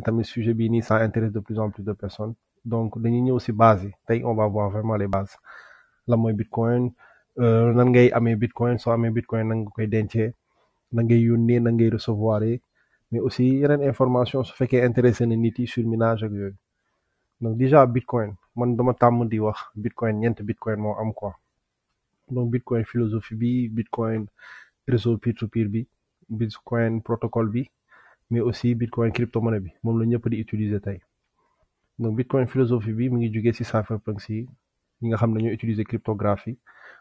tamit sujet bii nii ça intéresse de plus en plus de personnes donc dañuy ñëw si base yi tey on va voir vraiment les bases lan mooy bitcoin euh, nan ngay amee bitcoin soo amee bitcoin nan nga koy dencee nan ngay yónnee nan ngay recevoir mais aussi yeneen information su fekkee intéressé na nit yi sur minage ak yooyu donc déjà bitcoin man dama tàmm di wax bitcoin ñeent bitcoin moo am quoi donc bitcoin philosophie bi bitcoin réseau peer to peer bi bitcoin protocole bi mais aussi bitcoin cryptomonnaie bi moom la ñëpp di utiliser tey donc bitcoin philosophie bi mu ngi jugee si cypherpunks yi ñi nga xam ne ñoo utiliser cryptographie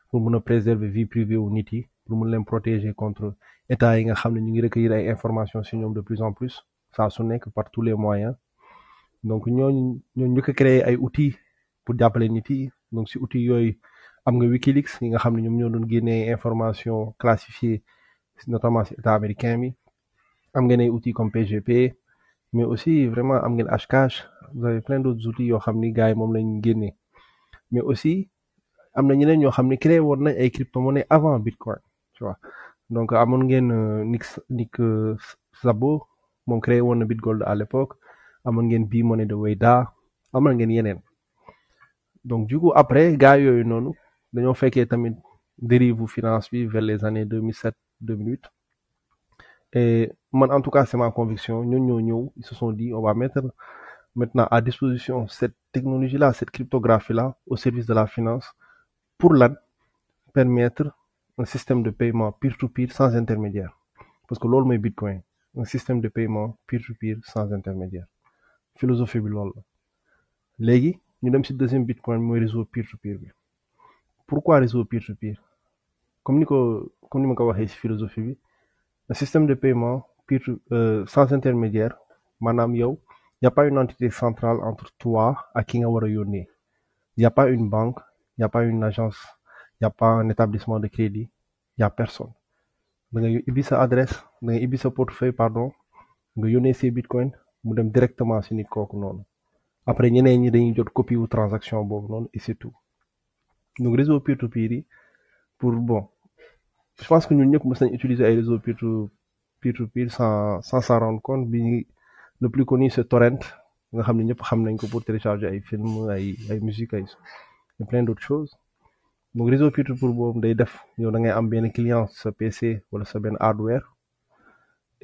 pour mun a préserver vie privée wu nit yi pour mun leen protéger contre état yi nga xam ne ñu ngi recueillir ay informations ci ñoom de plus en plus saa su nekk par tous les moyens donc ñooñu ñooñu ñu ko créer ay outils pour jàppale nit yi donc si outils yooyu am nga Wikileaks yi nga xam ne ñoom ñoo doon génnee information classifiée notamment ci état américain bi am ngeen outi outils comme PGP mais aussi vraiment am ngeen Hashcash vous avez plein d'autres outils yoo xam ni gars yi moom lañ génnee mais aussi am na ñeneen ñoo xam ne créé woon nañ ay crypto-monnaie avant Bitcoin tu vois donc amoon ngeen Nick Nick Szabo moom créé woon na Bitgold à l'époque amoon ngeen bii monnaie de Weida amoon ngeen yeneen donc du coup après gars yooyu noonu dañoo fekkee tamit dérive finance bi vers les années 2007 2008 man, en tout cas, c'est ma conviction. Nous, nous, nous, ils se sont dit, mettre maintenant à disposition cette technologie-là, cette cryptographie la au service de la finance, pour la permettre un système de paiement peer-to-peer -peer sans intermédiaire. Parce que l'ol mooy Bitcoin, un système de paiement peer-to-peer -peer sans intermédiaire. Philosophie bi l'ol. léegi nous dem si deuxième Bitcoin moy réseau peer-to-peer bi. Pourquoi réseau peer-to-peer? Comme ni ko comme ni ma ko waxé ci philosophie bi, système de paiement peer euh, sans intermédiaire maanaam yow y a pas une entité centrale entre toi ak ki nga war a yónnee y a pas une banque y a pas une agence y pas un établissement de crédit y a personne da nga ibbi sa adresse da nga ibbi sa portefeuille pardon nga yónnee say bitcoin mu dem directement si nit kooku noonu après ñeneen ñi dañuy jot copi wu transaction boobu noonu et c'est tout donc réseau peer to peer yi pour bon je pense que ñëpp mës nañ utiliser ay réseaux peer to peer to peer sans sans s'en rendre compte bi le plus connu c'est torrent nga xam ne ñëpp xam nañ ko pour télécharger ay film ay ay musique ay plein d'autres choses donc réseau peer to boobu day def yow da ngay am benn client sa PC wala sa benn hardware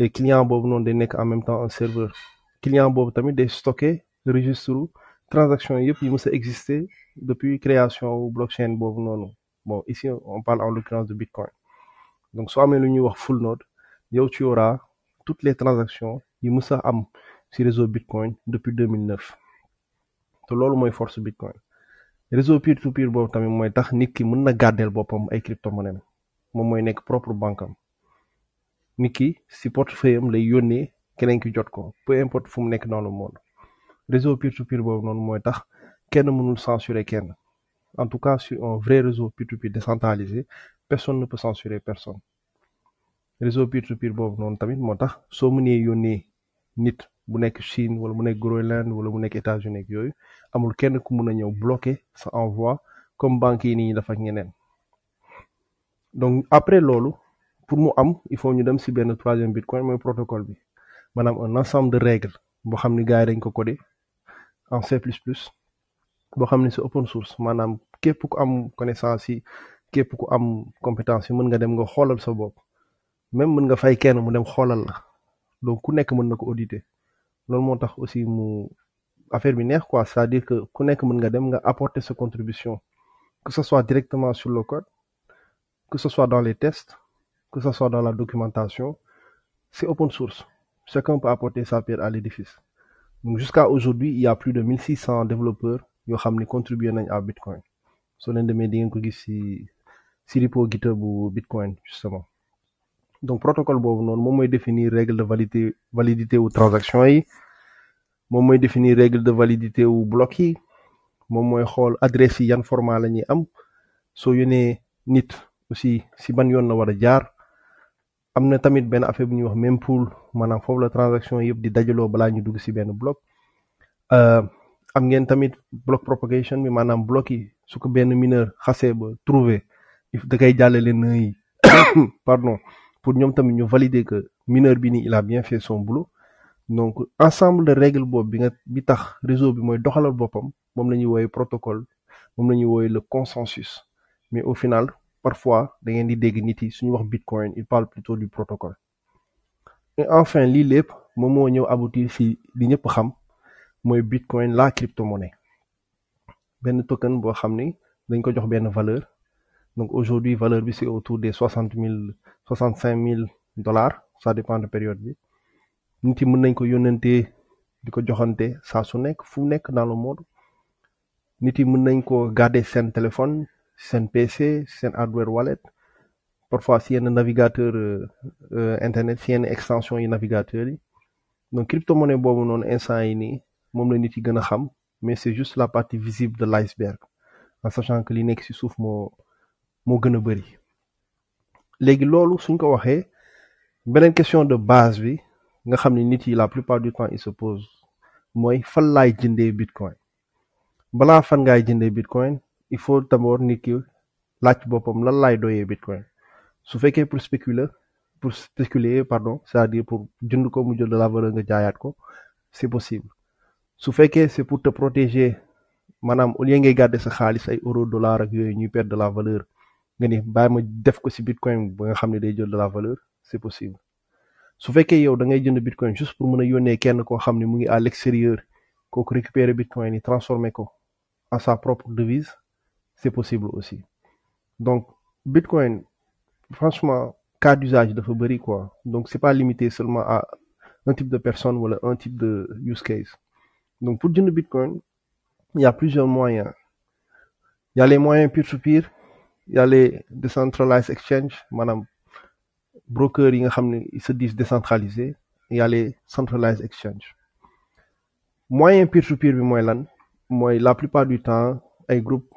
e client boobu noonu day nekk en même temps un serveur client boobu tamit day stocké registre transaction yëpp yi mës a depuis création blockchain boobu noonu bon ici on parle en donc soo amee lu ñuy wax full node yow tu auras toutes les transactions yi mës a am ci réseau bitcoin depuis 2009 te loolu mooy force bitcoin réseau peer to peer boobu tamit mooy tax nit ki mën na gàddeel boppam ay cryptomonnaie moom mooy nekk propre banque am nit ki ci portefeuille am lay yónnee keneen ki jot ko peu importe fu mu nekk dans le monde réseau peer to peer boobu noonu mooy tax kenn mënul censurer kenn en tout cas sur un vrai réseau peer to peer personne ne peut censurer personne réseau peer-to-peer boobu noonu tamit moo tax soo mënee yónnee nit bu nekk Chine wala mu nekk Groenland wala bu nekk États-Unis ak yooyu amul kenn ku mun a ñëw bloquer sa envoi comme banque yi ni ñu def ñeneen donc après loolu pour mu am il faut ñu dem si benn troisième bitcoin mooy protocole bi maanaam un ensemble de règles boo xam ni gars yi dañ ko codé en C++ boo xam ne c'est open source maanaam képp ku am connaissance yi képp ku am compétence yi mën nga dem nga xoolal sa bopp même mën nga fay kenn mu dem xoolal la donc ku nekk mën na ko auditer loolu moo tax aussi mu affaire bi neex quoi c'est-à-dire que ku nekk mën nga dem nga apporter sa contribution que ce soit directement sur le code que ce soit dans les tests que ce soit dans la documentation c'est open source chacun peut apporter sa pierre à l'édifice donc jusqu'à aujourd'hui il y a plus de 1600 développeurs yoo xam ni contribué nañ à Bitcoin soo leen ko gis Siripo Gita bu Bitcoin justement donc protocole boobu noonu moom mooy définir règle de validité validité wu transaction yi moom mooy définir règle de validité wu bloc yi moom mooy xool adresse yi yan forma la ñuy am soo yónnee nit aussi si ban yoon la war a jaar am na tamit benn affaire bu ñuy wax même pool maanaam foofu la transaction yëpp di dajaloo balaa ñu dugg si benn bloc euh, am ngeen tamit bloc propagation bi maanaam bloc yi su ko benn mineur xasee ba trouvé jàllee leen na nay pardon pour ñoom tamit ñu valider que mineur bi nii il a bien fait son boulot donc ensemble de règle boobu bi nga bi tax réseau bi mooy doxalal boppam moom la ñuy wooye protocole moom la ñuy wooye le consensus mais au final parfois da ngeen di dégg nit yi suñu wax bitcoin il parle plutôt du protocole et enfin lii lépp moom moo ñëw abouti fii li ñëpp xam mooy bitcoin la crypto monnaie benn token boo xam ni dañ ko jox benn valeur Donc aujourd'hui, valeur bi c'est autour des soixante mille soixante cinq mille dollars ça dépend de période bi nit yi mën nañ ko yónnantee di ko joxante saa su nekk fu nekk dans le monde nit yi mën nañ ko garder seen téléphone seen PC seen hardware wallet parfois si yenn navigateur euh, internet si yenn extension yi navigateurs yi donc crypto-monnaie boobu noonu instant yi nii moom la nit yi gën a xam mais c'est juste la partie visible de l'iceberg en sachant que moo gën a bëri léegi loolu suñ ko waxee beneen question de base bi nga xam ne nit yi la plupart du temps il se pose mooy fan laay jëndee bitcoin balaa fan ngaay jëndee bitcoin il faut d'abord nit ki laaj boppam lan laay doyee bitcoin su fekkee pour spéculer pour spéculer pardon c'est-à-dire pour jënd ko mu jël de la valeur nga jaayaat ko c'est possible su fekkee c'est pour te protéger maanaam au lieu ngay garder sa xaalis ay euro dollar ak yooyu ñuy perdre de la valeur nga ni bàyyi ma def ko si bitcoin ba nga xam ne day jël de la valeur c'est possible su fekkee yow da ngay jënd bitcoin juste pour mën a yónnee kenn koo xam ne mu ngi à l'extérieur kooku récupérer bitcoin yi transformer ko en sa propre devise c'est possible aussi donc bitcoin franchement cas d'usage dafa bëri quoi donc c'est pas limité seulement à un type de personne wala un type de use case donc pour jënd bitcoin il y a plusieurs moyens il y a les moyens y a les decentralized exchange maanaam broker yi nga xam ne sa se disent décentralisés y a les centralized exchange moyen peer to peer bi mooy lan mooy la plupart du temps ay groupe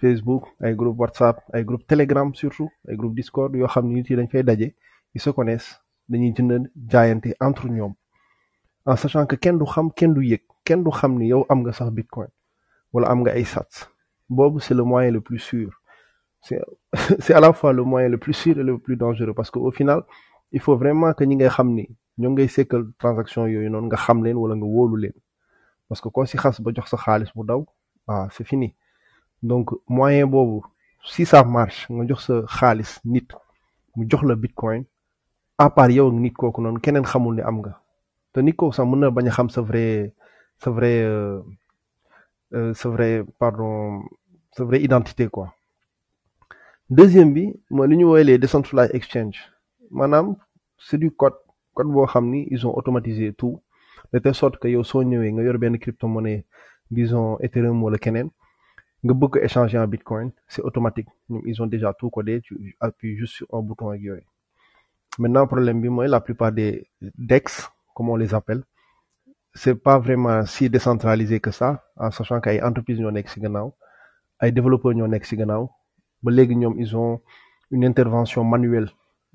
Facebook ay groupe WhatsApp ay groupe Telegram surtout ay groupe Discord yoo xam ne nit yi dañ fay daje ils sa connaissent dañuy jënd jaayante entre ñoom en sachant que kenn du xam kenn du yëg kenn du xam ni yow am nga sax bitcoin wala am nga ay sat boobu c'est le moyen le plus sûr c'est à la fois le moyen le plus sûr et le plus dangereux parce que au final il faut vraiment que ngay xam ni ñoo ngay sekkal transaction yooyu noonu nga xam leen wala nga wóolu leen parce que koo si xas ba jox sa xaalis bu daw ah c'est fini donc moyen boobu si ça marche nga jox sa xaalis nit mu jox la bitcoin à part yow ak nit kooku noonu keneen xamul ni am nga te nit kooku sax mën na bañ a xam sa vrai sa vrai euh, euh, sa vrai pardon sa vraie identité quoi deuxième bi mooy li ñu woowee les decentralized exchange maanaam c'est du code code boo xam ni ils ont automatisé tout de telle sorte que yow soo ñëwee nga yor benn cryptomonnaie disons Ethereum wala keneen nga bëgg ko échanger en bitcoin c'est automatique ñoom ils ont déjà tout codé tu appuies juste sur un bouton ak yooyu maintenant problème bi mooy la plupart des DEX comme on les appelle c'est pas vraiment si décentralisé que ça en sachant que ay entreprises ñoo nekk si gannaaw ay développeurs ñoo nekk ci gannaaw ba léegi ñoom ison une intervention manuelle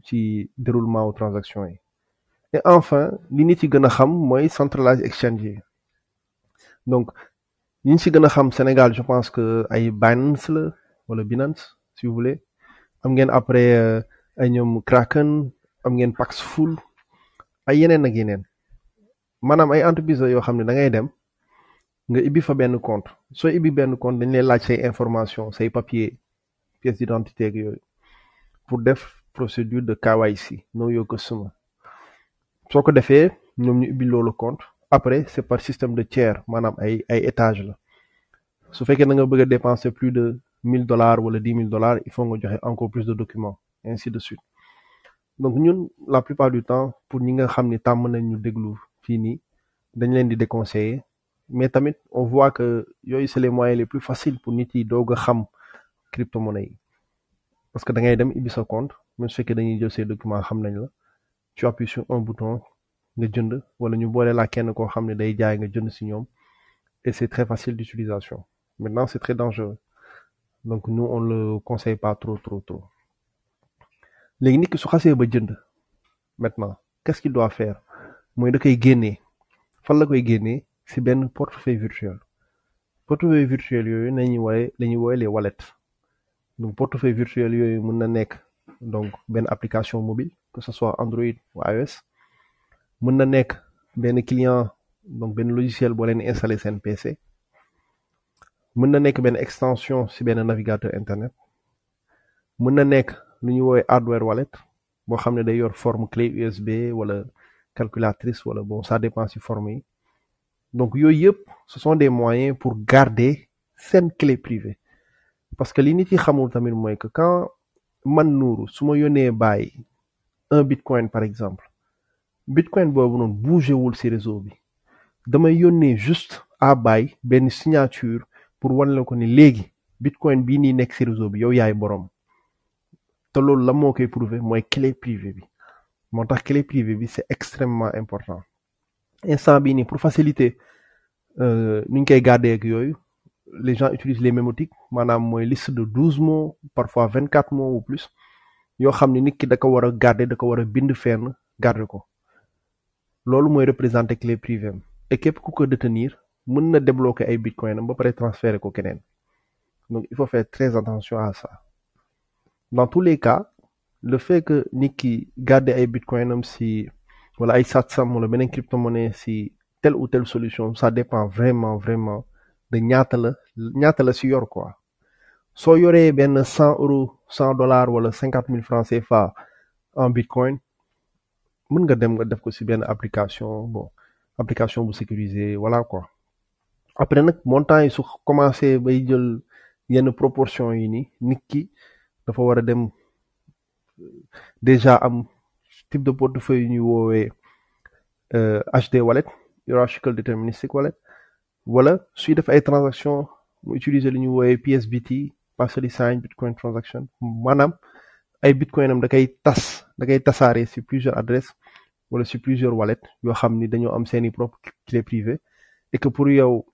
ci déroulement wu transaction yi et enfin li ñu ci gën a xam mooy centralized exchange yi donc ñi ñu ci gën a xam Sénégal je pense que ay Binance la wala Binance si vous am ngeen après euh, ay ñoom Kraken am ngeen Paxful ay yeneen ak yeneen maanaam ay entreprise yoo xam ne da ngay dem nga ibbi fa benn compte soo ibbi benn compte dañ lay laaj say information say papier pièce d'identité pour def procédure de si noo your customer soo ko defee ñoom ñu ubbi loolu compte après c' est par système de tiers maanaam ay ay étage la su fekkee da nga bëgg a dépenser plus de mille dollars wala dix mille dollars il faut nga joxe encore plus de documents ainsi de suite donc ñun la plupart du temps pour ñi nga xam ni tàmm nañ ñu déglu fii nii dañ leen di déconseiller mais tamit on voit que yooyu c' est les moyens les plus faciles pour nit yi xam. crypto-monnaie yi parce que da ngay dem ibbi sa compte même su fekkee dañuy jël see documents xam nañ la tu appuies sur un bouton nga jënd wala ñu boole laa kenn koo xam ne day jaay nga jënd si ñoom et c'est très facile d'utilisation maintenant c'est très dangereux donc nous on le conseille pas trop trop trop léegi nit su xasee ba jënd maintenant qu'est-ce qu'il doit faire mooy da koy génnee fan la koy génnee si benn portefeuille virtuel portefeuille virtuel yooyu na wooye la ñuy wooye donc portefeuille virtuel yooyu mën na nekk donc benn application mobile que ce soit Android ou iOS mën na nekk benn client donc benn logiciel boo leen installé seen PC mën na nekk benn extension si benn navigateur internet mën na nekk lu ñu woowee hardware wallet boo xam ne day yor forme clé USB wala calculatrice wala bon ça dépend ci forme yi donc yooyu yëpp ce sont des moyens pour garder seen clé privée parce que li nit yi xamul tamit mooy que quand man Nourou su ma yónnee Baye un bitcoin par exemple bitcoin boobu noonu bougé wul si réseau bi damay yónnee juste à Baye benn signature pour wan la ko ni léegi bitcoin bii nii nekk si réseau bi yow yaay borom te loolu la moo koy prouver mooy clé privée bi moo tax clé privée bi c'est extrêmement important instant bii nii pour facilité euh, nu ñu koy garder ak yooyu. les gens utilise les mémotique maanaam mooy liste de douze mois parfois vingt quatre mots ou plus yoo xam ne nit ki da ko war a da ko war a bind fenn garder ko loolu mooy représenter clé privée am et képp ku ko détenir mën na débloquer ay bitcoin am ba pare transférer ko keneen donc il faut faire très attention à ça dans tous les cas le fait que nit ki garder ay bitcoin am si wala ay satsam wala beneen crypto monnaie si telle ou telle solution ça dépend vraiment vraiment de ñaata la ñaata la si yor quoi soo yoree benn cent euros cent dollars wala cinquante mille francs CFA en bitcoin mën nga dem nga def ko si benn application bon application bu sécurisée voilà quoi après nag montant yi su commencé bay jël yenn proportion yi nii nit ki dafa war a dem euh, déjà am type de portefeuille yu ñuy woowee HD euh, wallet hierarchical deterministic wallet wala suy def ay transaction mu utiliser li ñu wooyee PSBT partially signed bitcoin transaction maanaam ay bitcoin am da koy tas da koy tasaare si plusieurs adresses wala si plusieurs wallet yoo xam ni dañoo am seeni propre clé privée et que pour yow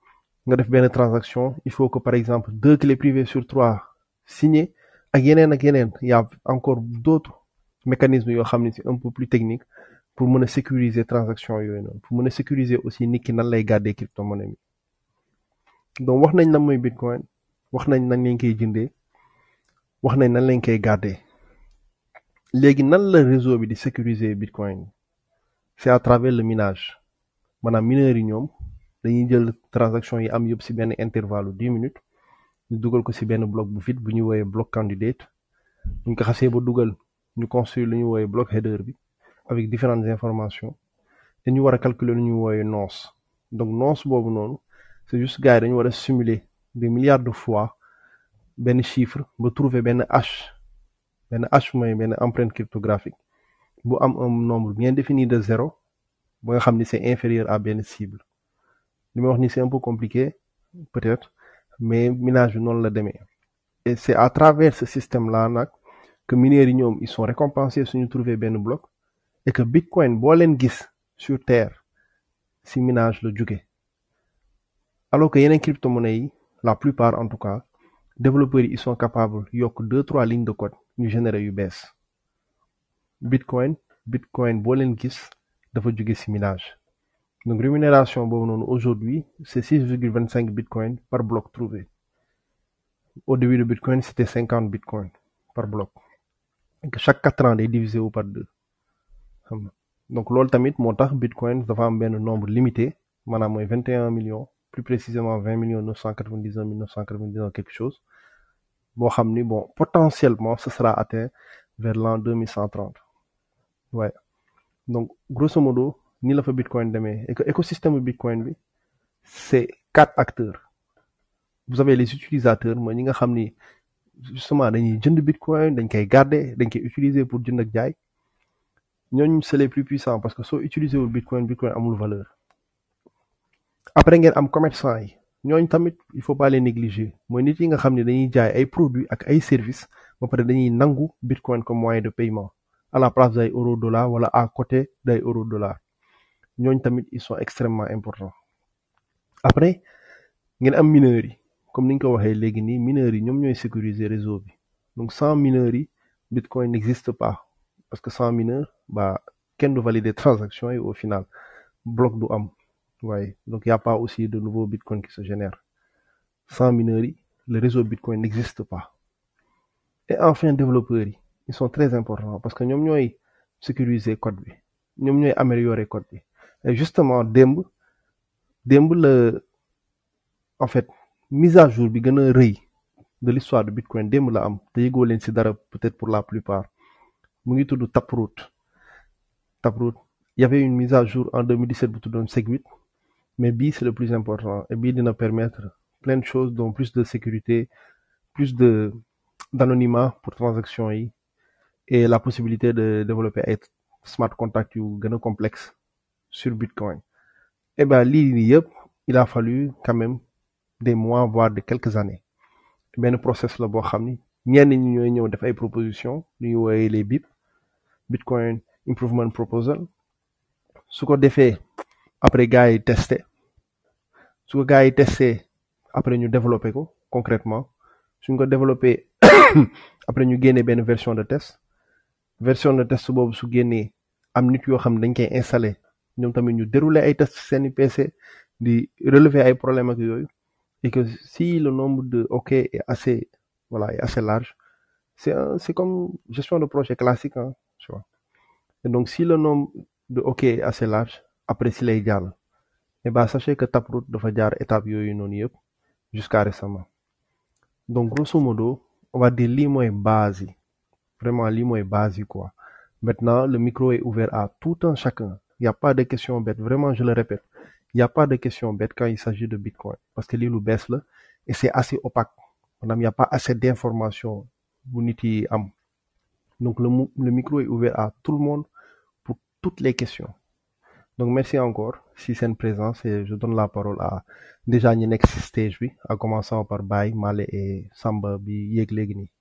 nga def benn transaction il faut que par exemple deux clés privées sur trois signées ak yeneen ak yeneen y a encore d'autres mécanismes yoo xam ne si un peu plus technique pour mën a sécuriser transaction yooyu pour mën a aussi nit ki nan lay gàddee crypto-monnaie mi donc wax nañ lan mooy bitcoin wax nañ nan lañ koy jëndee wax nañ nan lañ koy gàddee léegi nan la réseau bi di sécuriser bitcoin c'est à travers le minage maanaam mineurs yi ñoom dañuy jël transaction yi am yëpp ci benn intervalle dix minutes ñu dugal ko ci benn bloc bu fit bu ñuy wooyee bloc candidate ñu ko xasee ba dugal ñu construire lu ñuy wooyee bloc header bi avec différentes informations te ñu war a calculer lu ñuy wooyee nonce donc nonce boobu noonu c'est juste gars dañu war a simuler des milliards de fois benn chiffre ba trouver benn hash benn hash benn empreinte cryptographique bu am un nombre bien défini de zéro ba nga xam ni c'est inférieur à benn cible li ma wax ni c'est un peu compliqué peut-être mais minage bi noonu la demee et c'est à travers ce système là nag que mineurs yi ñoom ils sont suñu trouver benn bloc et que bitcoin boo leen gis sur terre si minage la jóge alors que yeneen cryptomonnaies yi la plupart en tout cas développeurs yi ils sont capables yokk deux trois lignes de code ñu générer yu bees bitcoin bitcoin boo leen gis dafa jóge si minage donc rémunération boobu noonu aujourd'hui c'est six virgule vingt cinq bitcoin par bloc trouvé au début de bitcoin c'était cinquante bitcoin par bloc donc chaque quatre ans day divisé wu par deux xam nga donc loolu tamit moo tax bitcoin dafa am benn nombre limité maanaam mooy vingt et un millions plus précisément vingt millions neuf cent quatre-vingt-dix-un mille neuf cent quatre-vingt-dix-un boo xam ni bon potentiellement ce sera atteint vers l'an deux mille cent trente waaye donc grosso modo ni la fa bitcoin demee et que écosystème bitcoin bi c'est quatre acteurs vous avez les utilisateurs mooy ñi nga xam ni justement dañuy jënd bitcoin dañ koy garder dañ koy utiliser pour jënd ak jaay ñooñu c'est les plus puissants parce que soo utiliser bitcoin bitcoin amul valeur après ngeen am commerçant yi ñooñ tamit il faut pas les négliger mooy nit yi nga xam ne dañuy jaay ay produit ak ay services ba pare dañuy nangu bitcoin comme moyen de paiement à la place day euro dollar wala à côté day euro dollar ñooñu tamit ils sont extrêmement importants après ngeen am mineurs yi comme ni ñu ko waxee léegi nii mineurs yi ñoom ñooy sécuriser réseau bi donc cent mineurs yi bitcoin n'existe pas parce que cent mineur ba kenn du valider transaction yi au final bloc du am Ouais. Donc, il n'y pas aussi de nouveaux bitcoins ki se génèrent. Sans yi le réseau bitcoin n'existe pas. Et enfin, développeurs, ils sont très importants parce que ñoom avons sécurisé code. bi ñoom ñooy le code. bi justement, démb Demb, en fait, mise à jour bi gën a rëy de l'histoire de Bitcoin démb la am te yëgoo leen si dara peut-être pour la plupart mu ngi tudd Taproot Taproot y avait une mise à jour en 2017 bu tuddoon Segwit Mais bi c'est le plus important et bi dina permettre plein de choses dont plus de sécurité, plus de d'anonymat pour transaction yi et la possibilité de développer ay smart contract yu gën a complexe sur Bitcoin. Eh ben lii yëpp il a fallu quand même des mois voire de quelques années benn process la boo xam ni ñenn ñi ñooy ñëw def ay propositions lu ñu woowee les BIP Bitcoin Improvement Proposal su ko defee. après gars yi testé su ko gars yi testé après ñu développé ko concrètement suñ ko développé après ñu génnee benn version de test version de test boobu su génnee am nit yoo xam dañ koy installé ñoom tamit ñu déroulé ay test seeni PC di relever ay problème ak yooyu et que si le nombre de OK est assez voilà est assez large c'est c'est comme gestion de projet classique hein tu donc si le nombre de OK est assez large après si lay jàll et bah sachez que Taproot dafa jaar étape yooyu noonu yëpp jusqu'à récemment donc grosso modo on va dire lii mooy base yi vraiment lii mooy base yi quoi maintenant le micro est ouvert à tout un chacun il n'y a pas vraiment je le répète il n'y a pas de quand il s'agit de Bitcoin parce que lii lu bees la et c'est assez opaque maanaam il n'y a pas bu nit yi am donc le le micro est à tout le monde pour toutes les questions donc merci encore si seen présence et je donne la parole à déjà ñi nekk si stage bi à commencer par Baye Malé et Samba bi yéeg léegi nii